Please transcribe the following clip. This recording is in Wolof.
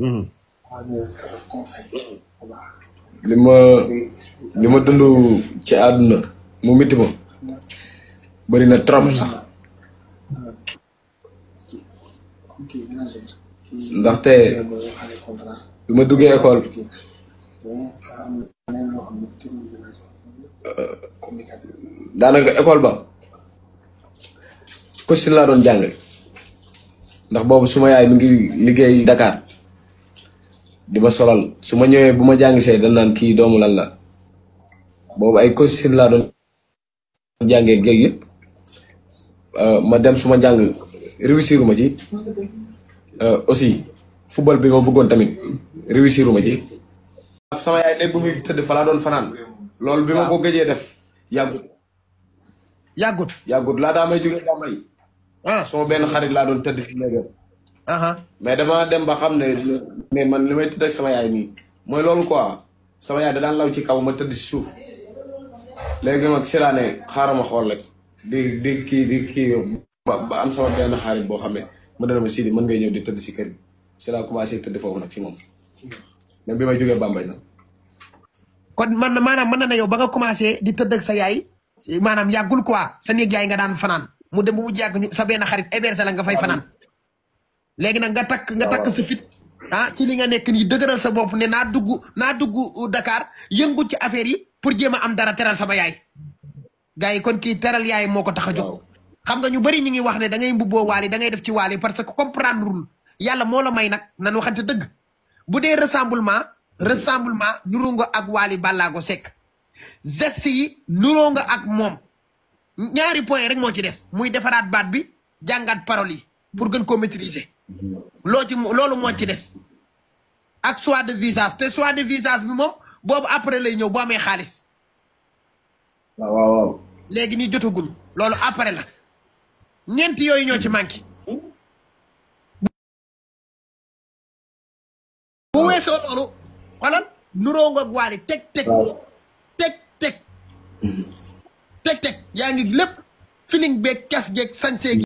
Hmm. lima lima li ci aduna mu miti ma bëri na trop sax ndax bi bima duggee école nga école ba coaching la doon jàng ndax bobu suma yaay mi ngi liggéey Dakar di ma solal su ma ñëwee bu ma jàngisee da naan kii doomu lan la boobu ay costume laa doon jàngee géej yëpp euh, ma dem suma ma jàng réussir ma ci euh, aussi football bi ma bëggoon tamit réussir ma ci. sama yaay léegi bu tëdd fa doon fanaan. loolu bi ma ko def yàggut. yàggut yàggut laa daa may jógee Bambey. ah sama benn xarit laa doon tëdd ci léegi. mais dama dem xam ne. mais man limay tudd ak sama yaay ni moy lolou quoi sama yaay da dan law ci kaw ma tudd ci souf legui mak si ne xaaral xol rek di di ki di ki ba am sama ben xarit bo xamé ma dana ma sidi man ngay ñew di tudd ci kër gi si laa commencé tudd fofu nak ci mom même bi may jógee Bambey nag. kon man manam man na yow ba nga commencé di tudd ak sa yaay manam yagul quoi sa neeg yaay nga dan fanan mu dem bu jagg sa ben xarit héberge la nga fay fanan léegi nak nga tak nga tak sa fit ah ci li nga nek ni deugural sa bop ne na dugg na dugg Dakar yeungu ci affaire yi pour jema am dara teral sama yaay gars kon ki teral yaay moko taxaju xam nga ñu bari ñi ngi wax ne da ngay mbubboo wali da ngay def ci wali parce que comprendreul yalla mo la may nak nan waxante deug bu dé rassemblement rassemblement nuroo nga ak wali balago sek geste yi nga ak mom ñaari point rek mo ci des muy defarat bat bi jangat parole yi pour gën ko maîtriser lo ci lolu mo ci dess ak soit de visage te soit de visage bi moom boobu après lay ñëw boo amee xaalis. waaw léegi ni jotagul loolu après la ñeent yooyu ñoo ci manqué. bu weesoo loolu xoolal nuroo nga waali teg teg. teg teg. Mm-hmm. teg teg yaa ngi lépp feeling beeg cas geeg sañsee